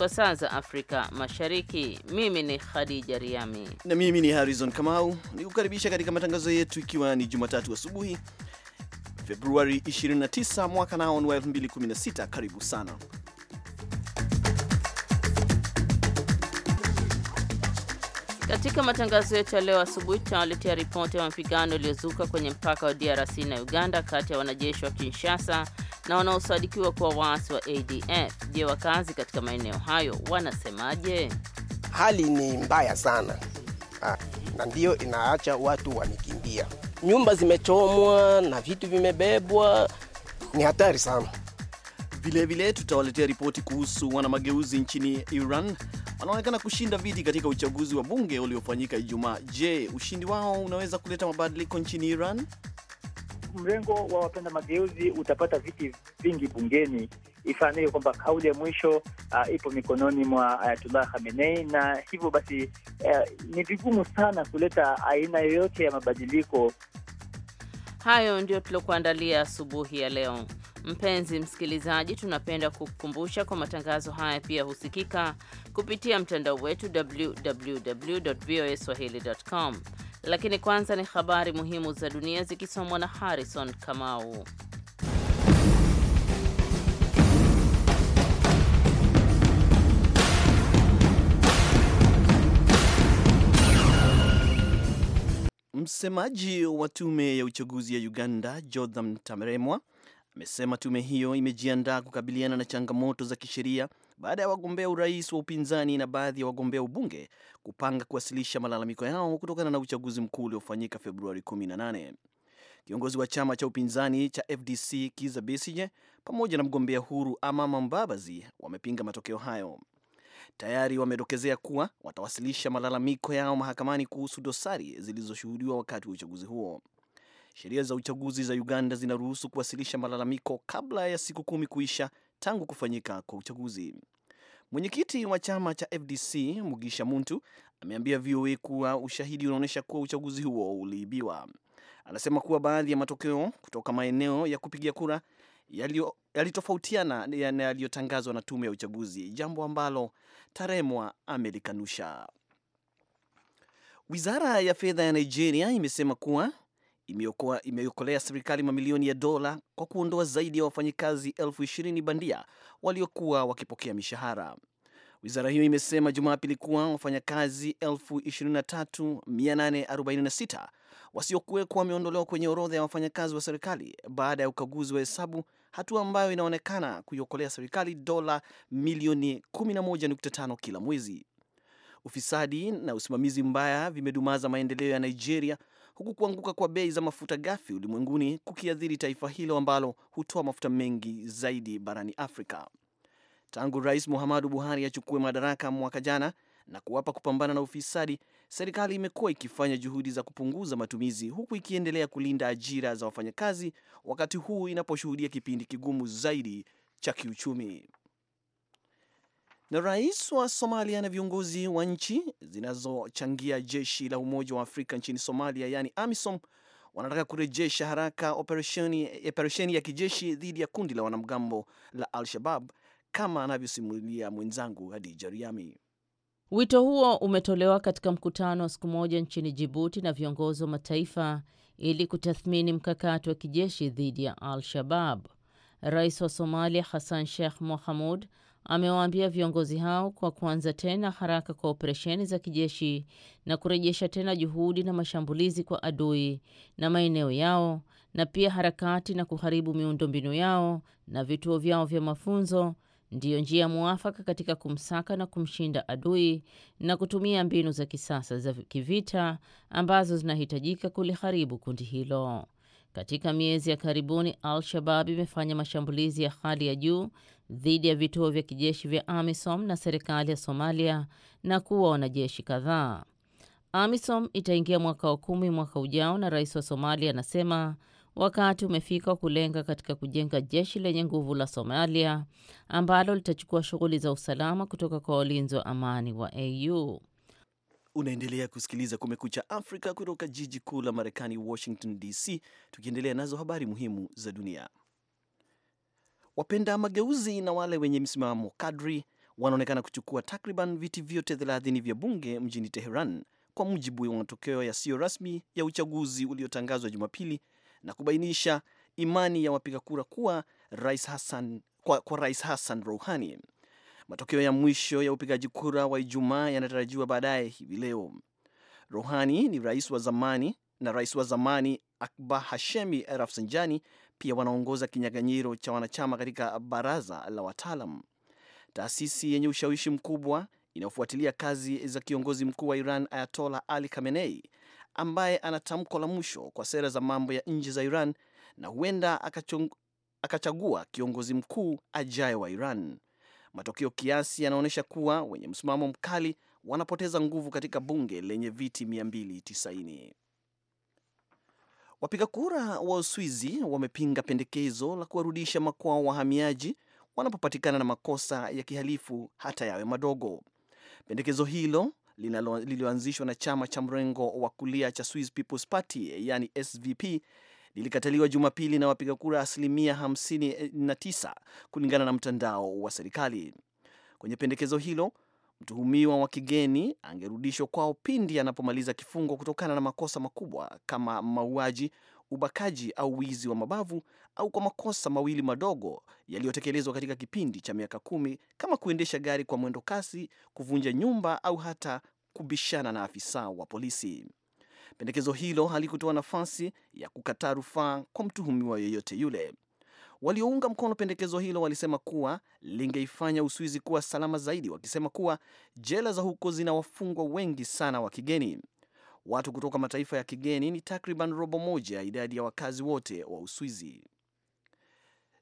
kwa saa za Afrika Mashariki. Mimi ni Khadija Riami na mimi ni Harrison Kamau, ni kukaribisha katika matangazo yetu, ikiwa ni Jumatatu asubuhi Februari 29 mwaka ni wa 2016. Karibu sana katika matangazo yetu ya leo asubuhi. Tunawaletea ripoti ya mapigano yaliyozuka kwenye mpaka wa DRC na Uganda kati ya wanajeshi wa Kinshasa na wanaosadikiwa kuwa waasi wa ADF. Je, wakazi katika maeneo hayo wanasemaje? Hali ni mbaya sana ha, na ndiyo inaacha watu wamekimbia, nyumba zimechomwa na vitu vimebebwa, ni hatari sana. Vilevile tutawaletea ripoti kuhusu wanamageuzi nchini Iran wanaonekana kushinda viti katika uchaguzi wa bunge uliofanyika Ijumaa. Je, ushindi wao unaweza kuleta mabadiliko nchini Iran? mrengo wa wapenda mageuzi utapata viti vingi bungeni. Ifahamike kwamba kauli ya mwisho uh, ipo mikononi mwa Ayatullah uh, Khamenei, na hivyo basi uh, ni vigumu sana kuleta aina yoyote ya mabadiliko. Hayo ndio tuliokuandalia asubuhi ya leo. Mpenzi msikilizaji, tunapenda kukukumbusha kwa matangazo haya pia husikika kupitia mtandao wetu www voa swahili com lakini kwanza ni habari muhimu za dunia zikisomwa na Harrison Kamau. Msemaji wa tume ya uchaguzi ya Uganda Jotham Tameremwa amesema tume hiyo imejiandaa kukabiliana na changamoto za kisheria baada ya wagombea urais wa upinzani na baadhi ya wagombea ubunge kupanga kuwasilisha malalamiko yao kutokana na uchaguzi mkuu uliofanyika Februari 18. Kiongozi wa chama cha upinzani cha FDC Kizza Besigye pamoja na mgombea huru Amama Mbabazi wamepinga matokeo hayo. Tayari wamedokezea kuwa watawasilisha malalamiko yao mahakamani kuhusu dosari zilizoshuhudiwa wakati wa uchaguzi huo. Sheria za uchaguzi za Uganda zinaruhusu kuwasilisha malalamiko kabla ya siku kumi kuisha tangu kufanyika kwa uchaguzi. Mwenyekiti wa chama cha FDC Mugisha Muntu ameambia VOA kuwa ushahidi unaonyesha kuwa uchaguzi huo uliibiwa. Anasema kuwa baadhi ya matokeo kutoka maeneo ya kupigia kura yalitofautiana na yaliyotangazwa na tume ya uchaguzi, jambo ambalo Taremwa amelikanusha. Wizara ya fedha ya Nigeria imesema kuwa imeiokolea serikali mamilioni ya dola kwa kuondoa zaidi ya wafanyikazi elfu ishirini bandia waliokuwa wakipokea mishahara. Wizara hiyo imesema Jumapili kuwa wafanyakazi 23846 wasiokuwekwa wameondolewa kwenye orodha ya wafanyakazi wa serikali baada ya ukaguzi wa hesabu, hatua ambayo inaonekana kuiokolea serikali dola milioni 11.5 kila mwezi. Ufisadi na usimamizi mbaya vimedumaza maendeleo ya Nigeria huku kuanguka kwa bei za mafuta ghafi ulimwenguni kukiathiri taifa hilo ambalo hutoa mafuta mengi zaidi barani Afrika. Tangu Rais Muhammadu Buhari achukue madaraka mwaka jana na kuwapa kupambana na ufisadi, serikali imekuwa ikifanya juhudi za kupunguza matumizi huku ikiendelea kulinda ajira za wafanyakazi, wakati huu inaposhuhudia kipindi kigumu zaidi cha kiuchumi. Na rais wa Somalia na viongozi wa nchi zinazochangia jeshi la Umoja wa Afrika nchini Somalia, yaani AMISOM, wanataka kurejesha haraka operesheni, operesheni ya kijeshi dhidi ya kundi la wanamgambo la Al-Shabab kama anavyosimulia mwenzangu Hadija Riami. Wito huo umetolewa katika mkutano wa siku moja nchini Jibuti na viongozi wa mataifa ili kutathmini mkakati wa kijeshi dhidi ya Al-Shabab. Rais wa Somalia Hassan Sheikh Mohamud amewaambia viongozi hao kwa kuanza tena haraka kwa operesheni za kijeshi na kurejesha tena juhudi na mashambulizi kwa adui na maeneo yao na pia harakati na kuharibu miundombinu yao na vituo vyao vya mafunzo ndiyo njia mwafaka katika kumsaka na kumshinda adui na kutumia mbinu za kisasa za kivita ambazo zinahitajika kuliharibu kundi hilo. Katika miezi ya karibuni, Al-Shabab imefanya mashambulizi ya hali ya juu dhidi ya vituo vya kijeshi vya AMISOM na serikali ya Somalia na kuwa wanajeshi kadhaa. AMISOM itaingia mwaka wa kumi mwaka ujao, na rais wa Somalia anasema wakati umefika kulenga katika kujenga jeshi lenye nguvu la Somalia ambalo litachukua shughuli za usalama kutoka kwa walinzi wa amani wa AU. Unaendelea kusikiliza Kumekucha Afrika kutoka jiji kuu la Marekani, Washington DC, tukiendelea nazo habari muhimu za dunia. Wapenda mageuzi na wale wenye msimamo kadri wanaonekana kuchukua takriban viti vyote 30 vya bunge mjini Teheran kwa mujibu wa matokeo yasiyo rasmi ya uchaguzi uliotangazwa Jumapili na kubainisha imani ya wapiga kura kuwa Rais Hassan, kwa, kwa Rais Hassan Rouhani. Matokeo ya mwisho ya upigaji kura wa Ijumaa yanatarajiwa baadaye hivi leo. Rouhani ni rais wa zamani na rais wa zamani Akbar Hashemi Rafsanjani pia wanaongoza kinyaganyiro cha wanachama katika baraza la wataalam, taasisi yenye ushawishi mkubwa inayofuatilia kazi za kiongozi mkuu wa Iran Ayatola Ali Khamenei, ambaye ana tamko la mwisho kwa sera za mambo ya nje za Iran na huenda akachagua kiongozi mkuu ajaye wa Iran. Matokeo kiasi yanaonyesha kuwa wenye msimamo mkali wanapoteza nguvu katika bunge lenye viti 290. Wapiga kura wa Uswizi wamepinga pendekezo la kuwarudisha makwao wahamiaji wanapopatikana na makosa ya kihalifu hata yawe madogo. Pendekezo hilo lililoanzishwa na chama cha mrengo wa kulia cha Swiss People's Party yani SVP lilikataliwa Jumapili na wapiga kura asilimia 59 eh, kulingana na mtandao wa serikali. Kwenye pendekezo hilo Mtuhumiwa wa kigeni angerudishwa kwao pindi anapomaliza kifungo kutokana na makosa makubwa kama mauaji, ubakaji au wizi wa mabavu au kwa makosa mawili madogo yaliyotekelezwa katika kipindi cha miaka kumi kama kuendesha gari kwa mwendo kasi, kuvunja nyumba au hata kubishana na afisa wa polisi. Pendekezo hilo halikutoa nafasi ya kukataa rufaa kwa mtuhumiwa yeyote yule. Waliounga mkono pendekezo hilo walisema kuwa lingeifanya Uswizi kuwa salama zaidi, wakisema kuwa jela za huko zina wafungwa wengi sana wa kigeni. Watu kutoka mataifa ya kigeni ni takriban robo moja ya idadi ya wakazi wote wa Uswizi.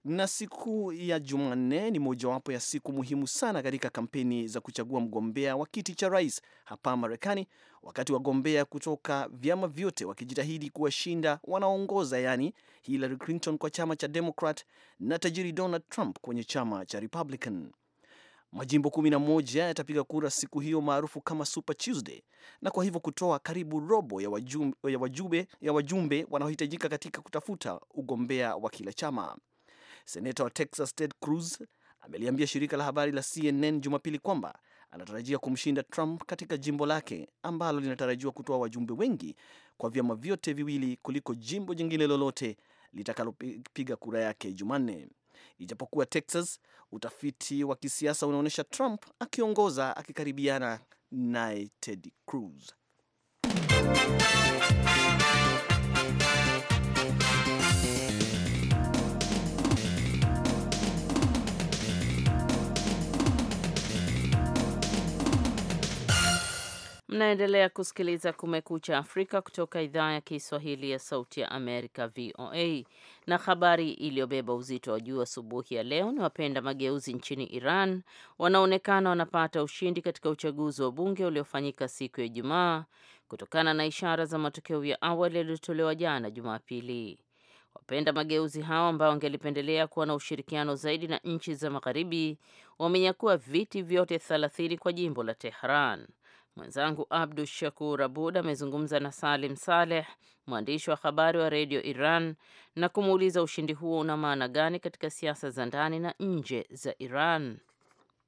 Na siku ya Jumanne ni mojawapo ya siku muhimu sana katika kampeni za kuchagua mgombea wa kiti cha rais hapa Marekani, wakati wagombea kutoka vyama vyote wakijitahidi kuwashinda wanaoongoza, yaani Hillary Clinton kwa chama cha Democrat na tajiri Donald Trump kwenye chama cha Republican. Majimbo 11 yatapiga kura siku hiyo maarufu kama Super Tuesday, na kwa hivyo kutoa karibu robo ya wajumbe, ya wajumbe, ya wajumbe wanaohitajika katika kutafuta ugombea wa kila chama. Seneta wa Texas Ted Cruz ameliambia shirika la habari la CNN Jumapili kwamba anatarajia kumshinda Trump katika jimbo lake ambalo linatarajiwa kutoa wajumbe wengi kwa vyama vyote viwili kuliko jimbo jingine lolote litakalopiga kura yake Jumanne. Ijapokuwa Texas, utafiti wa kisiasa unaonyesha Trump akiongoza akikaribiana naye Ted Cruz. Mnaendelea kusikiliza Kumekucha Afrika kutoka idhaa ya Kiswahili ya Sauti ya Amerika, VOA. Na habari iliyobeba uzito wa juu asubuhi ya leo ni wapenda mageuzi nchini Iran wanaonekana wanapata ushindi katika uchaguzi wa bunge uliofanyika siku ya Ijumaa kutokana na ishara za matokeo ya awali yaliyotolewa jana Jumapili. Wapenda mageuzi hao ambao wangelipendelea kuwa na ushirikiano zaidi na nchi za Magharibi wamenyakua viti vyote 30 kwa jimbo la Tehran. Mwenzangu Abdu Shakur Abud amezungumza na Salim Saleh, mwandishi wa habari wa redio Iran, na kumuuliza ushindi huo una maana gani katika siasa za ndani na nje za Iran.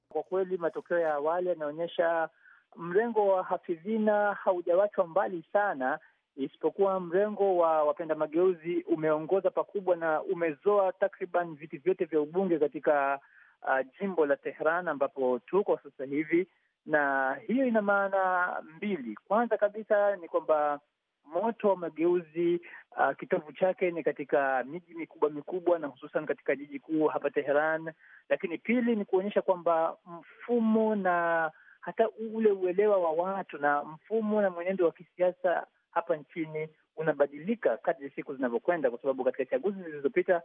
Kwa kweli matokeo ya awali yanaonyesha mrengo wa hafidhina haujawachwa mbali sana, isipokuwa mrengo wa wapenda mageuzi umeongoza pakubwa na umezoa takriban viti vyote vya ubunge katika uh, jimbo la Tehran ambapo tuko sasa hivi na hiyo ina maana mbili. Kwanza kabisa ni kwamba moto wa mageuzi uh, kitovu chake ni katika miji mikubwa mikubwa na hususan katika jiji kuu hapa Teheran, lakini pili ni kuonyesha kwamba mfumo na hata ule uelewa wa watu na mfumo na mwenendo wa kisiasa hapa nchini unabadilika kadri siku zinavyokwenda, kwa sababu katika chaguzi zilizopita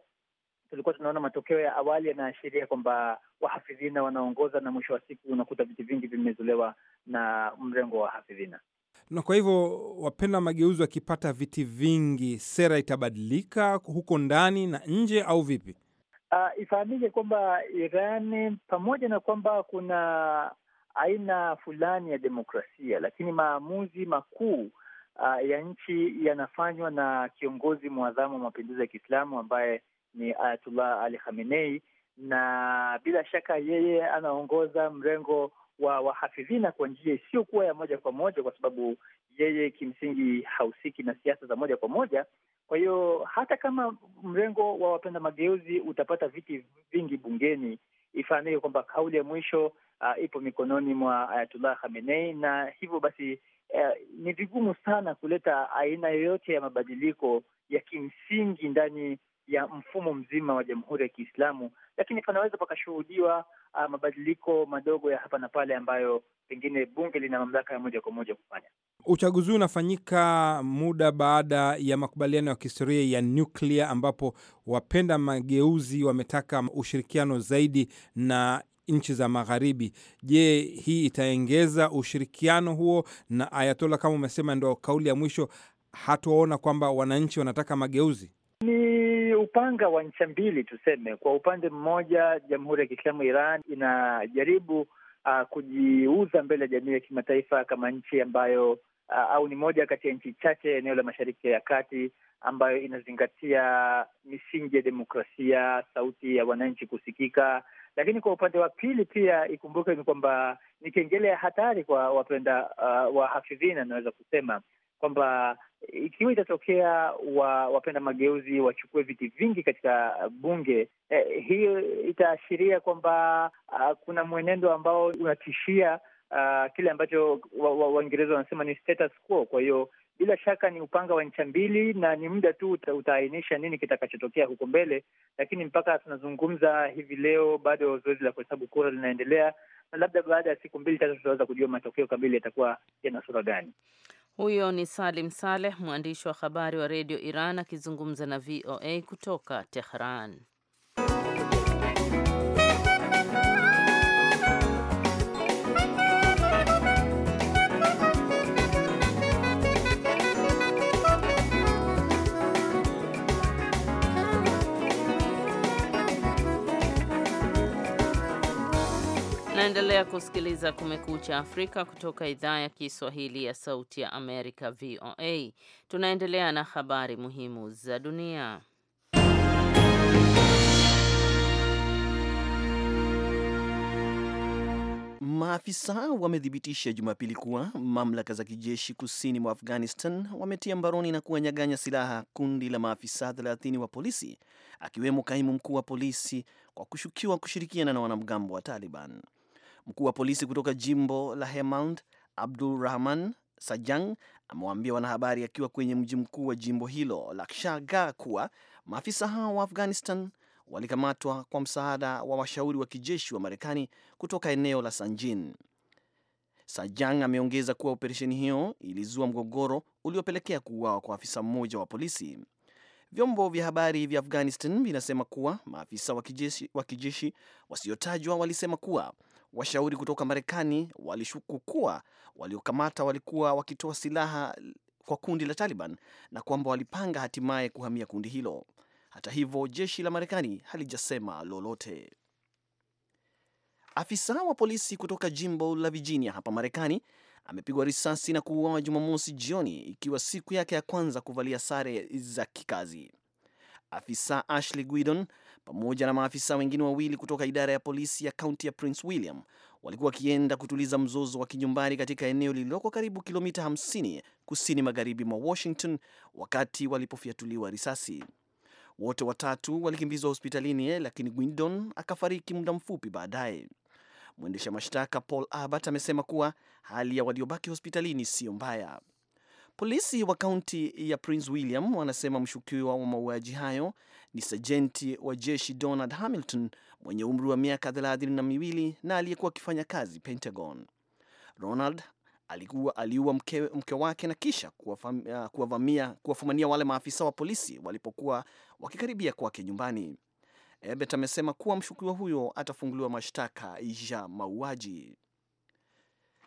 tulikuwa tunaona matokeo ya awali yanaashiria kwamba wahafidhina wanaongoza, na mwisho wa siku unakuta viti vingi vimezolewa na mrengo wa wahafidhina. Na kwa hivyo wapenda mageuzi wakipata viti vingi, sera itabadilika huko ndani na nje, au vipi? Uh, ifahamike kwamba Irani pamoja na kwamba kuna aina fulani ya demokrasia, lakini maamuzi makuu uh, ya nchi yanafanywa na kiongozi mwadhamu wa mapinduzi ya Kiislamu ambaye ni Ayatullah Ali Khamenei, na bila shaka yeye anaongoza mrengo wa wahafidhina kwa njia isiyokuwa ya moja kwa moja, kwa sababu yeye kimsingi hahusiki na siasa za moja kwa moja. Kwa hiyo hata kama mrengo wa wapenda mageuzi utapata viti vingi bungeni, ifahamike kwamba kauli ya mwisho uh, ipo mikononi mwa Ayatullah Khamenei, na hivyo basi uh, ni vigumu sana kuleta aina yoyote ya mabadiliko ya kimsingi ndani ya mfumo mzima wa Jamhuri ya Kiislamu, lakini panaweza pakashuhudiwa uh, mabadiliko madogo ya hapa na pale ambayo pengine bunge lina mamlaka ya moja kwa moja kufanya. Uchaguzi huu unafanyika muda baada ya makubaliano ya kihistoria ya nuklia ambapo wapenda mageuzi wametaka ushirikiano zaidi na nchi za magharibi. Je, hii itaengeza ushirikiano huo? Na Ayatola, kama umesema, ndo kauli ya mwisho, hatuwaona kwamba wananchi wanataka mageuzi ni upanga wa ncha mbili tuseme. Kwa upande mmoja, Jamhuri ya Kiislamu Iran inajaribu uh, kujiuza mbele ya jamii ya kimataifa kama nchi ambayo uh, au ni moja kati ya nchi chache eneo la Mashariki ya Kati ambayo inazingatia misingi ya demokrasia, sauti ya wananchi kusikika. Lakini kwa upande wa pili pia ikumbuke ni kwamba ni kengele ya hatari kwa wapenda uh, hafidhina, anaweza kusema kwamba ikiwa itatokea wa, wapenda mageuzi wachukue viti vingi katika bunge eh, hiyo itaashiria kwamba uh, kuna mwenendo ambao unatishia uh, kile ambacho Waingereza wa, wa wanasema ni status quo. Kwa hiyo bila shaka ni upanga wa ncha mbili na ni muda tu uta, utaainisha nini kitakachotokea huko mbele, lakini mpaka tunazungumza hivi leo bado zoezi la kuhesabu kura linaendelea, na labda baada ya siku mbili tatu tutaweza kujua matokeo kamili yatakuwa yana sura gani. Huyo ni Salim Saleh, mwandishi wa habari wa redio Iran akizungumza na VOA kutoka Tehran. Unaendelea kusikiliza Kumekucha Afrika kutoka idhaa ya Kiswahili ya Sauti ya Amerika, VOA. Tunaendelea na habari muhimu za dunia. Maafisa wamethibitisha Jumapili kuwa mamlaka za kijeshi kusini mwa Afghanistan wametia mbaroni na kuwanyaganya silaha kundi la maafisa 30 wa polisi akiwemo kaimu mkuu wa polisi kwa kushukiwa kushirikiana na wanamgambo wa Taliban. Mkuu wa polisi kutoka jimbo la Helmand, Abdul Rahman Sajang, amewaambia wanahabari akiwa kwenye mji mkuu wa jimbo hilo la kshaga kuwa maafisa hao wa Afghanistan walikamatwa kwa msaada wa washauri wa kijeshi wa Marekani kutoka eneo la Sanjin. Sajang ameongeza kuwa operesheni hiyo ilizua mgogoro uliopelekea kuuawa kwa afisa mmoja wa polisi. Vyombo vya habari vya Afghanistan vinasema kuwa maafisa wa kijeshi wasiotajwa walisema kuwa Washauri kutoka Marekani walishuku kuwa waliokamata walikuwa wakitoa silaha kwa kundi la Taliban na kwamba walipanga hatimaye kuhamia kundi hilo. Hata hivyo, jeshi la Marekani halijasema lolote. Afisa wa polisi kutoka jimbo la Virginia hapa Marekani amepigwa risasi na kuuawa Jumamosi jioni ikiwa siku yake ya kwanza kuvalia sare za kikazi. Afisa Ashley Guidon pamoja na maafisa wengine wawili kutoka idara ya polisi ya kaunti ya Prince William walikuwa wakienda kutuliza mzozo wa kinyumbani katika eneo lililoko karibu kilomita 50 kusini magharibi mwa Washington wakati walipofyatuliwa risasi. Wote watatu walikimbizwa hospitalini, lakini Gwindon akafariki muda mfupi baadaye. Mwendesha mashtaka Paul Abbott amesema kuwa hali ya waliobaki hospitalini siyo mbaya. Polisi wa kaunti ya Prince William wanasema mshukiwa wa mauaji hayo ni sajenti wa jeshi Donald Hamilton mwenye umri wa miaka thelathini na miwili na aliyekuwa akifanya kazi Pentagon. Ronald alikuwa aliua mke, mke wake na kisha ah, kuwafumania wale maafisa wa polisi walipokuwa wakikaribia kwake nyumbani. Ebet amesema kuwa mshukiwa huyo atafunguliwa mashtaka ya mauaji.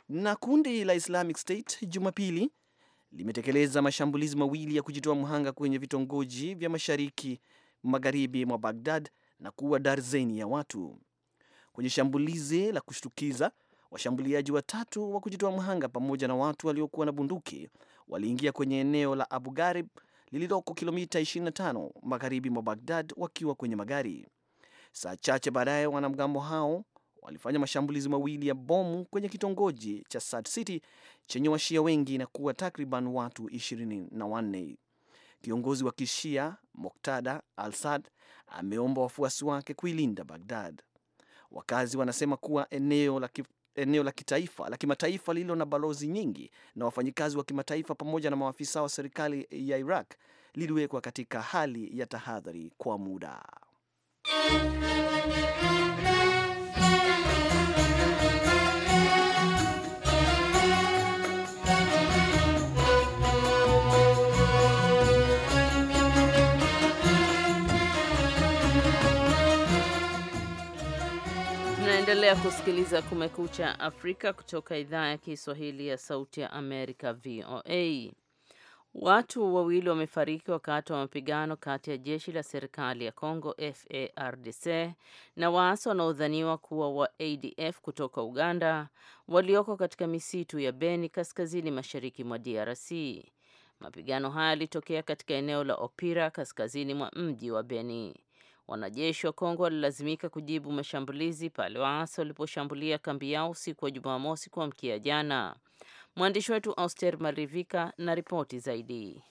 Na kundi la Islamic State Jumapili limetekeleza mashambulizi mawili ya kujitoa mhanga kwenye vitongoji vya mashariki magharibi mwa Bagdad na kuua darzeni ya watu. Kwenye shambulizi la kushtukiza, washambuliaji watatu wa kujitoa mhanga pamoja na watu waliokuwa na bunduki waliingia kwenye eneo la Abu Gharib lililoko kilomita 25 magharibi mwa Bagdad wakiwa kwenye magari. Saa chache baadaye, wanamgambo hao walifanya mashambulizi mawili ya bomu kwenye kitongoji cha Sad City chenye washia wengi na kuwa takriban watu 24. Kiongozi wa kishia Moktada al-Sad ameomba wafuasi wake kuilinda Bagdad. Wakazi wanasema kuwa eneo la eneo la kitaifa la kimataifa lililo na balozi nyingi na wafanyikazi wa kimataifa pamoja na maafisa wa serikali ya Iraq liliwekwa katika hali ya tahadhari kwa muda. Unaendelea kusikiliza Kumekucha Afrika kutoka idhaa ya Kiswahili ya Sauti ya Amerika, VOA. Watu wawili wamefariki wakati wa mapigano kati ya jeshi la serikali ya Kongo FARDC na waasi wanaodhaniwa kuwa wa ADF kutoka Uganda walioko katika misitu ya Beni kaskazini mashariki mwa DRC. Mapigano haya yalitokea katika eneo la Opira kaskazini mwa mji wa Beni. Wanajeshi wa Kongo walilazimika kujibu mashambulizi pale waasi waliposhambulia kambi yao usiku wa Jumamosi kuamkia jana. Mwandishi wetu Auster Marivika na ripoti zaidi.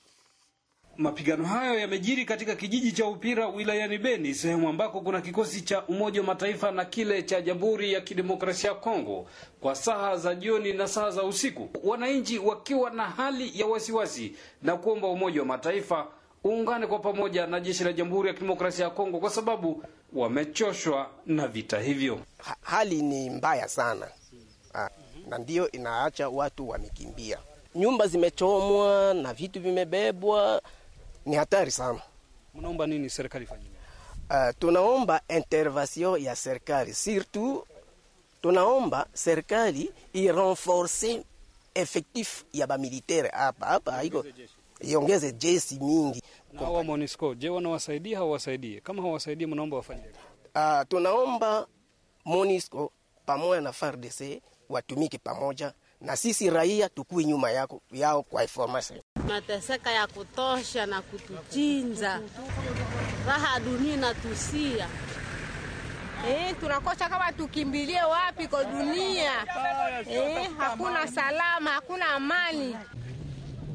Mapigano hayo yamejiri katika kijiji cha Upira wilayani Beni, sehemu ambako kuna kikosi cha Umoja wa Mataifa na kile cha Jamhuri ya Kidemokrasia ya Kongo kwa saa za jioni na saa za usiku, wananchi wakiwa na hali ya wasiwasi na kuomba Umoja wa Mataifa uungane kwa pamoja na jeshi la Jamhuri ya Kidemokrasia ya Kongo kwa sababu wamechoshwa na vita hivyo. Hali ni mbaya sana ha, ah, na ndiyo inaacha watu wamekimbia, nyumba zimechomwa na vitu vimebebwa, ni hatari sana. Mnaomba nini serikali ifanye? Uh, tunaomba intervention ya serikali surtout, tunaomba serikali irenforce effectif ya bamilitere hapa hapa iko iongeze jesi nyingi. Na hao MONUSCO, je, wanawasaidia hawawasaidie? Kama hawawasaidii, mnaomba wafanye uh, tunaomba MONUSCO pamoja na FARDC watumike pamoja na sisi raia tukui nyuma yako yao kwa information. Mateseka ya kutosha na kutuchinja raha dunia na tusia Eh, tunakosa kama tukimbilie wapi kwa dunia eh, hakuna salama, hakuna amani.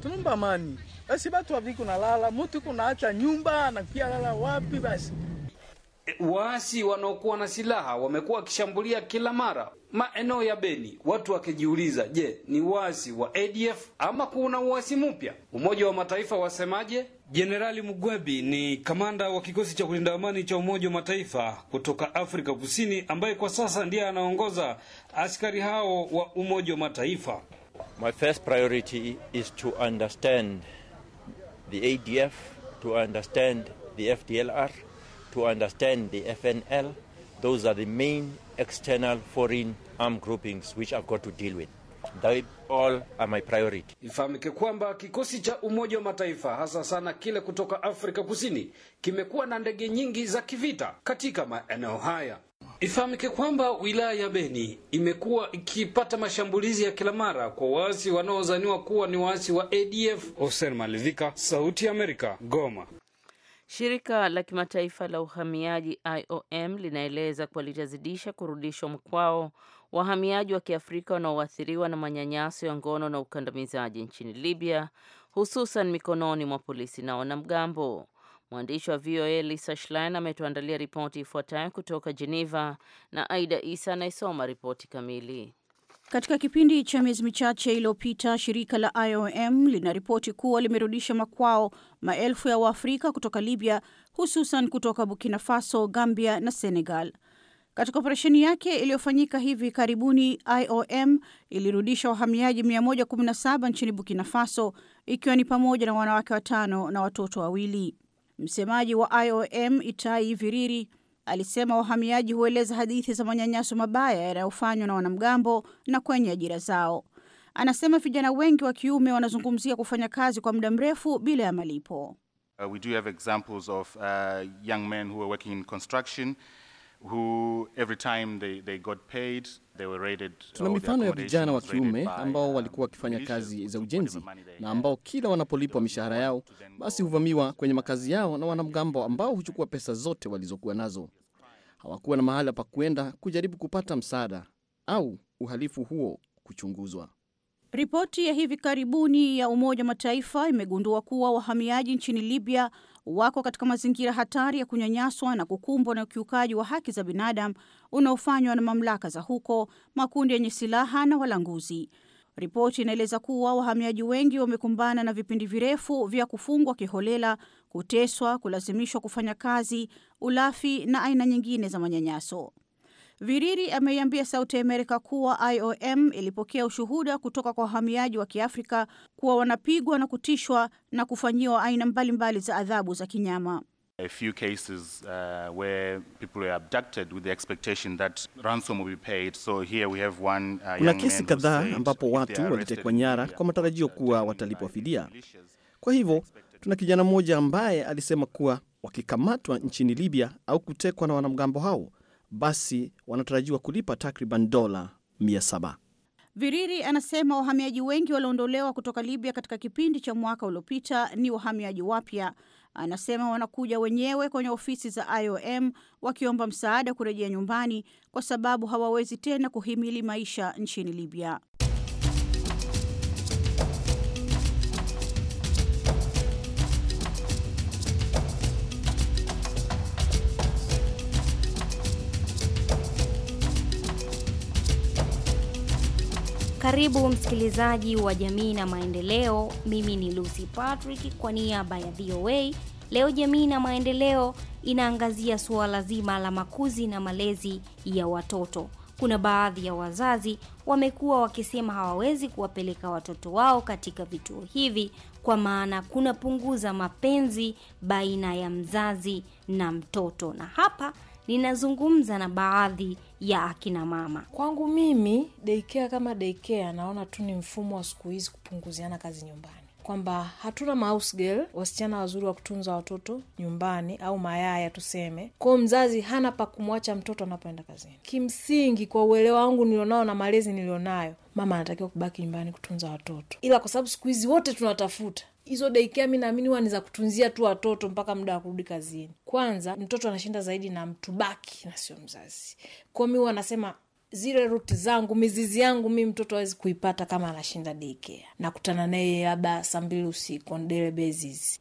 Tunaomba amani basi eh, batu aviko nalala, mtu kunaacha nyumba na pia lala wapi? Basi eh, waasi wanaokuwa na silaha wamekuwa wakishambulia kila mara maeneo ya Beni, watu wakijiuliza, je, ni waasi wa ADF ama kuna uasi mpya? Umoja wa Mataifa wasemaje? Jenerali Mugwebi ni kamanda wa kikosi cha kulinda amani cha Umoja wa Mataifa kutoka Afrika Kusini, ambaye kwa sasa ndiye anaongoza askari hao wa Umoja wa Mataifa. My first priority is to understand the ADF, to understand the FDLR, to understand the FNL. Those are the main external foreign armed groupings which I've got to deal with. They all are my priority. Ifahamike kwamba kikosi cha Umoja wa Mataifa hasa sana kile kutoka Afrika Kusini kimekuwa na ndege nyingi za kivita katika maeneo haya. Ifahamike kwamba wilaya ya Beni imekuwa ikipata mashambulizi ya kila mara kwa waasi wanaozaniwa kuwa ni waasi wa ADF. Osen Malivika, Sauti ya Amerika, Goma. Shirika la kimataifa la uhamiaji IOM linaeleza kuwa litazidisha kurudishwa mkwao wahamiaji wa Kiafrika wanaoathiriwa na manyanyaso ya ngono na ukandamizaji nchini Libya, hususan mikononi mwa polisi na wanamgambo. Mwandishi wa VOA Lisa Schlein ametuandalia ripoti ifuatayo kutoka Geneva na Aida Isa anayesoma ripoti kamili. Katika kipindi cha miezi michache iliyopita, shirika la IOM linaripoti kuwa limerudisha makwao maelfu ya Waafrika kutoka Libya, hususan kutoka Burkina Faso, Gambia na Senegal. Katika operesheni yake iliyofanyika hivi karibuni, IOM ilirudisha wahamiaji 117 nchini Burkina Faso, ikiwa ni pamoja na wanawake watano na watoto wawili. Msemaji wa IOM Itai Viriri alisema wahamiaji hueleza hadithi za manyanyaso mabaya yanayofanywa na wanamgambo na kwenye ajira zao. Anasema vijana wengi wa kiume wanazungumzia kufanya kazi kwa muda mrefu bila ya malipo. Uh, we do have examples of uh, young men who are working in construction Who every time they, they got paid, they were rated Tuna mifano ya vijana wa kiume ambao um, walikuwa wakifanya kazi za ujenzi na ambao kila wanapolipwa mishahara yao, basi huvamiwa kwenye makazi yao na wanamgambo ambao huchukua pesa zote walizokuwa nazo. Hawakuwa na mahala pa kuenda kujaribu kupata msaada au uhalifu huo kuchunguzwa. Ripoti ya hivi karibuni ya Umoja wa Mataifa imegundua kuwa wahamiaji nchini Libya wako katika mazingira hatari ya kunyanyaswa na kukumbwa na ukiukaji wa haki za binadamu unaofanywa na mamlaka za huko, makundi yenye silaha na walanguzi. Ripoti inaeleza kuwa wahamiaji wengi wamekumbana na vipindi virefu vya kufungwa kiholela, kuteswa, kulazimishwa kufanya kazi, ulafi na aina nyingine za manyanyaso. Viriri ameiambia Sauti ya Amerika kuwa IOM ilipokea ushuhuda kutoka kwa wahamiaji wa Kiafrika kuwa wanapigwa na kutishwa na kufanyiwa aina mbalimbali za adhabu za kinyama. Kuna kesi kadhaa ambapo watu walitekwa nyara kwa matarajio kuwa watalipwa fidia. Kwa hivyo tuna kijana mmoja ambaye alisema kuwa wakikamatwa nchini Libya au kutekwa na wanamgambo hao basi wanatarajiwa kulipa takriban dola 700. Viriri anasema wahamiaji wengi walioondolewa kutoka Libya katika kipindi cha mwaka uliopita ni wahamiaji wapya. Anasema wanakuja wenyewe kwenye ofisi za IOM wakiomba msaada kurejea nyumbani kwa sababu hawawezi tena kuhimili maisha nchini Libya. Karibu msikilizaji wa Jamii na Maendeleo. Mimi ni Lucy Patrick kwa niaba ya VOA. Leo Jamii na Maendeleo inaangazia suala zima la makuzi na malezi ya watoto. Kuna baadhi ya wazazi wamekuwa wakisema hawawezi kuwapeleka watoto wao katika vituo hivi kwa maana kunapunguza mapenzi baina ya mzazi na mtoto, na hapa ninazungumza na baadhi ya akina mama. Kwangu mimi daycare kama daycare, naona tu ni mfumo wa siku hizi kupunguziana kazi nyumbani kwamba hatuna house girl, wasichana wazuri wa kutunza watoto nyumbani au mayaya tuseme. Kwao mzazi hana pa kumwacha mtoto anapoenda kazini. Kimsingi, kwa uelewa wangu nilionao na malezi nilionayo, mama anatakiwa kubaki nyumbani kutunza watoto, ila kwa sababu siku hizi wote tunatafuta hizo deikea mi naamini huwa ni za kutunzia tu watoto mpaka muda wa kurudi kazini. Kwanza mtoto anashinda zaidi na mtu baki na sio mzazi. Kwao mi huwa anasema zile ruti zangu mizizi yangu mi mtoto awezi kuipata kama anashinda daycare, nakutana naye labda saa mbili usiku on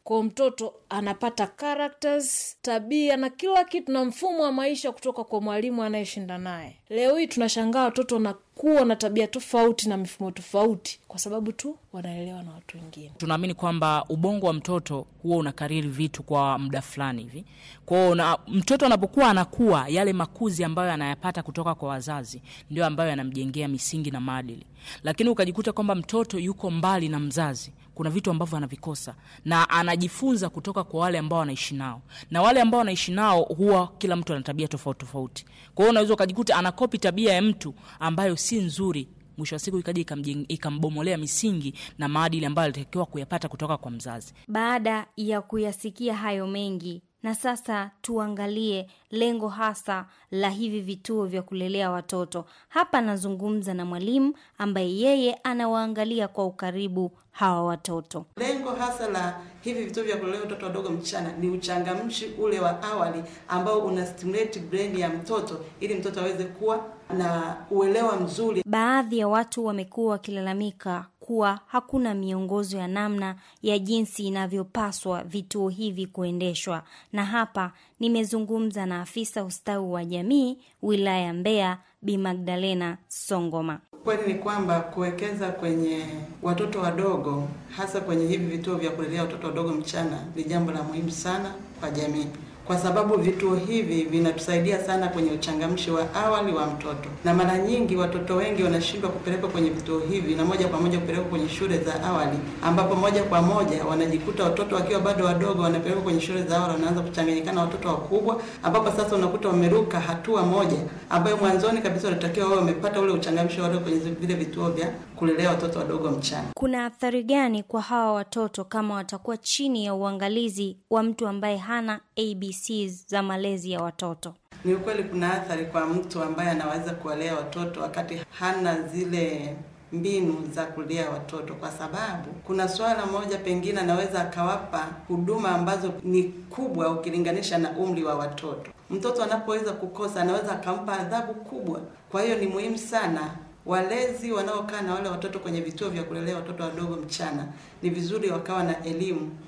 Kwao mtoto anapata characters, tabia na kila kitu na mfumo wa maisha kutoka kwa mwalimu anayeshinda naye Leo hii tunashangaa watoto wanakuwa na tabia tofauti na mifumo tofauti, kwa sababu tu wanaelewa na watu wengine. Tunaamini kwamba ubongo wa mtoto huwa unakariri vitu kwa muda fulani hivi. Kwao na mtoto anapokuwa anakuwa, yale makuzi ambayo anayapata kutoka kwa wazazi ndio ambayo yanamjengea misingi na maadili lakini ukajikuta kwamba mtoto yuko mbali na mzazi kuna vitu ambavyo anavikosa na anajifunza kutoka kwa wale ambao anaishi nao, na wale ambao wanaishi nao huwa kila mtu ana tabia tofauti tofauti. Kwa hiyo unaweza ukajikuta anakopi tabia ya mtu ambayo si nzuri, mwisho wa siku ikaja ikambomolea misingi na maadili ambayo alitakiwa kuyapata kutoka kwa mzazi. Baada ya kuyasikia hayo mengi na sasa tuangalie lengo hasa la hivi vituo vya kulelea watoto. Hapa nazungumza na mwalimu ambaye yeye anawaangalia kwa ukaribu hawa watoto. Lengo hasa la hivi vituo vya kulelea watoto wadogo mchana ni uchangamshi ule wa awali ambao una stimulate brain ya mtoto ili mtoto aweze kuwa na uelewa mzuri. Baadhi ya watu wamekuwa wakilalamika kuwa hakuna miongozo ya namna ya jinsi inavyopaswa vituo hivi kuendeshwa, na hapa nimezungumza na afisa ustawi wa jamii wilaya ya Mbeya Bi Magdalena Songoma. Kweli ni kwamba kuwekeza kwenye watoto wadogo, hasa kwenye hivi vituo vya kulelea watoto wadogo mchana, ni jambo la muhimu sana kwa jamii kwa sababu vituo hivi vinatusaidia sana kwenye uchangamshi wa awali wa mtoto, na mara nyingi watoto wengi wanashindwa kupelekwa kwenye vituo hivi na moja kwa moja kupelekwa kwenye shule za awali, ambapo moja kwa moja wanajikuta watoto wakiwa bado wadogo wanapelekwa kwenye shule za awali, wanaanza kuchanganyikana watoto wakubwa, ambapo sasa unakuta wameruka hatua moja ambayo mwanzoni kabisa wanatakiwa wao wamepata ule uchangamshi wadogo kwenye vile vituo vya kulelea watoto wadogo mchana. Kuna athari gani kwa hawa watoto kama watakuwa chini ya uangalizi wa mtu ambaye hana ABCs za malezi ya watoto? Ni ukweli kuna athari kwa mtu ambaye anaweza kuwalea watoto wakati hana zile mbinu za kulea watoto, kwa sababu kuna suala moja, pengine anaweza akawapa huduma ambazo ni kubwa ukilinganisha na umri wa watoto. Mtoto anapoweza kukosa, anaweza akampa adhabu kubwa. Kwa hiyo ni muhimu sana Walezi wanaokaa na wale watoto kwenye vituo vya kulelea watoto wadogo mchana, ni vizuri wakawa na elimu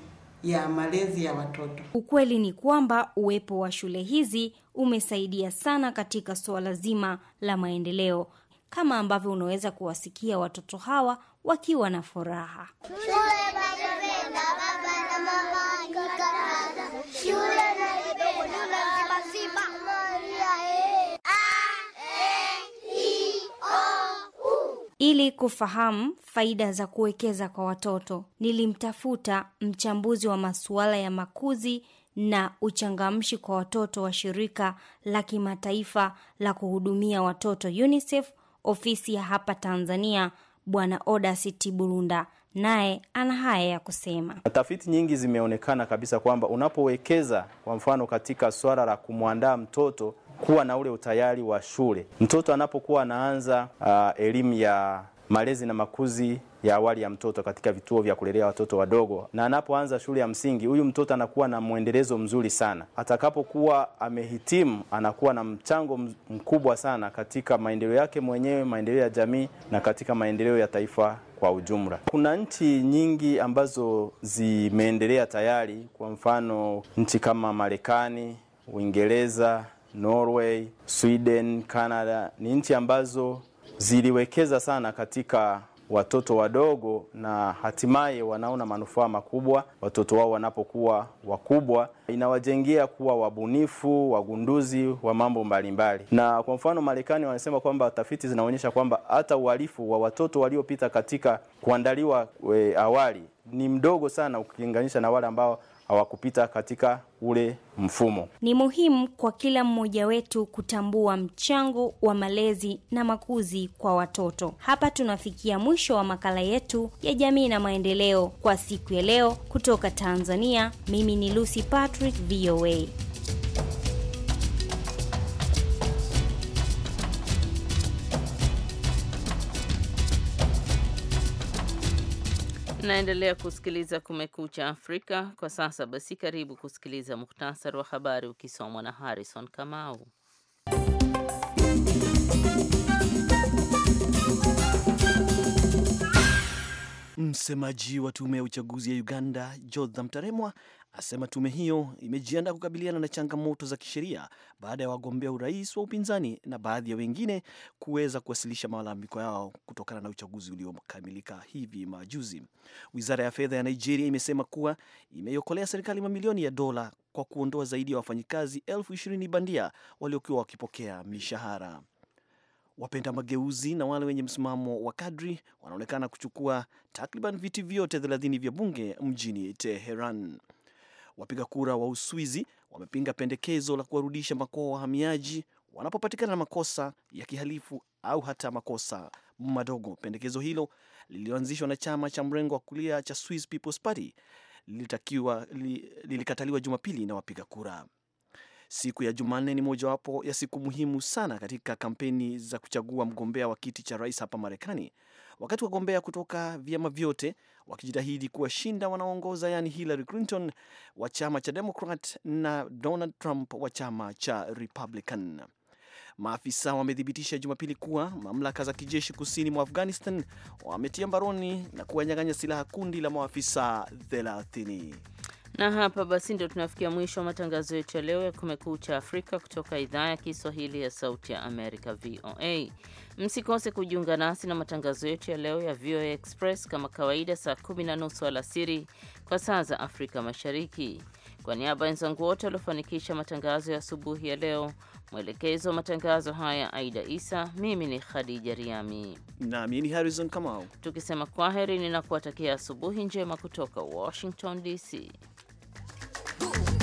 ya malezi ya watoto. Ukweli ni kwamba uwepo wa shule hizi umesaidia sana katika suala zima la maendeleo, kama ambavyo unaweza kuwasikia watoto hawa wakiwa na furaha. Shule, Ili kufahamu faida za kuwekeza kwa watoto, nilimtafuta mchambuzi wa masuala ya makuzi na uchangamshi kwa watoto wa shirika la kimataifa la kuhudumia watoto UNICEF ofisi ya hapa Tanzania, Bwana Odasi Tiburunda, naye ana haya ya kusema. Tafiti nyingi zimeonekana kabisa kwamba unapowekeza kwa mfano katika swala la kumwandaa mtoto kuwa na ule utayari wa shule. Mtoto anapokuwa anaanza uh, elimu ya malezi na makuzi ya awali ya mtoto katika vituo vya kulelea watoto wadogo, na anapoanza shule ya msingi, huyu mtoto anakuwa na mwendelezo mzuri sana. Atakapokuwa amehitimu, anakuwa na mchango mkubwa sana katika maendeleo yake mwenyewe, maendeleo ya jamii na katika maendeleo ya taifa kwa ujumla. Kuna nchi nyingi ambazo zimeendelea tayari, kwa mfano nchi kama Marekani, Uingereza Norway, Sweden, Canada ni nchi ambazo ziliwekeza sana katika watoto wadogo na hatimaye wanaona manufaa makubwa watoto wao wanapokuwa wakubwa. Inawajengea kuwa wabunifu, wagunduzi wa mambo mbalimbali. Na kwa mfano, Marekani wanasema kwamba tafiti zinaonyesha kwamba hata uhalifu wa watoto waliopita katika kuandaliwa eh, awali ni mdogo sana ukilinganisha na wale ambao hawakupita katika ule mfumo. Ni muhimu kwa kila mmoja wetu kutambua mchango wa malezi na makuzi kwa watoto. Hapa tunafikia mwisho wa makala yetu ya jamii na maendeleo kwa siku ya leo kutoka Tanzania. Mimi ni Lucy Patrick, VOA. naendelea kusikiliza Kumekucha Afrika kwa sasa. Basi karibu kusikiliza muhtasari wa habari ukisomwa na Harrison Kamau. Msemaji wa tume ya uchaguzi ya Uganda Jotham Taremwa asema tume hiyo imejiandaa kukabiliana na changamoto za kisheria baada ya wagombea urais wa upinzani na baadhi ya wengine kuweza kuwasilisha malalamiko yao kutokana na uchaguzi uliokamilika hivi majuzi. Wizara ya fedha ya Nigeria imesema kuwa imeiokolea serikali mamilioni ya dola kwa kuondoa zaidi ya wafanyikazi elfu ishirini bandia waliokuwa wakipokea mishahara. Wapenda mageuzi na wale wenye msimamo wa kadri wanaonekana kuchukua takriban viti vyote 30 vya bunge mjini Teheran. Wapiga kura wa Uswizi wamepinga pendekezo la kuwarudisha makwao wahamiaji wanapopatikana na makosa ya kihalifu au hata makosa madogo. Pendekezo hilo lilioanzishwa na chama cha mrengo wa kulia cha Swiss People's Party lilitakiwa li, lilikataliwa Jumapili na wapiga kura. Siku ya Jumanne ni mojawapo ya siku muhimu sana katika kampeni za kuchagua mgombea wa kiti cha rais hapa Marekani, wakati wagombea kutoka vyama vyote wakijitahidi kuwashinda wanaoongoza, yani Hillary Clinton wa chama cha Democrat na Donald Trump wa chama cha Republican. Maafisa wamethibitisha Jumapili kuwa mamlaka za kijeshi kusini mwa Afghanistan wametia mbaroni na kuwanyang'anya silaha kundi la maafisa 30. Na hapa basi ndio tunafikia mwisho wa matangazo yetu ya leo ya Kumekucha Afrika kutoka idhaa ya Kiswahili ya Sauti ya Amerika, VOA. Msikose kujiunga nasi na matangazo yetu ya leo ya VOA Express kama kawaida, saa kumi na nusu alasiri kwa saa za Afrika Mashariki. Kwa niaba ya wenzangu wote waliofanikisha matangazo ya asubuhi ya leo, mwelekezo wa matangazo haya Aida Isa, mimi ni Khadija Riami nami ni Harrison Kamau, tukisema kwaheri, ninakuwatakia asubuhi njema kutoka Washington DC. Ooh.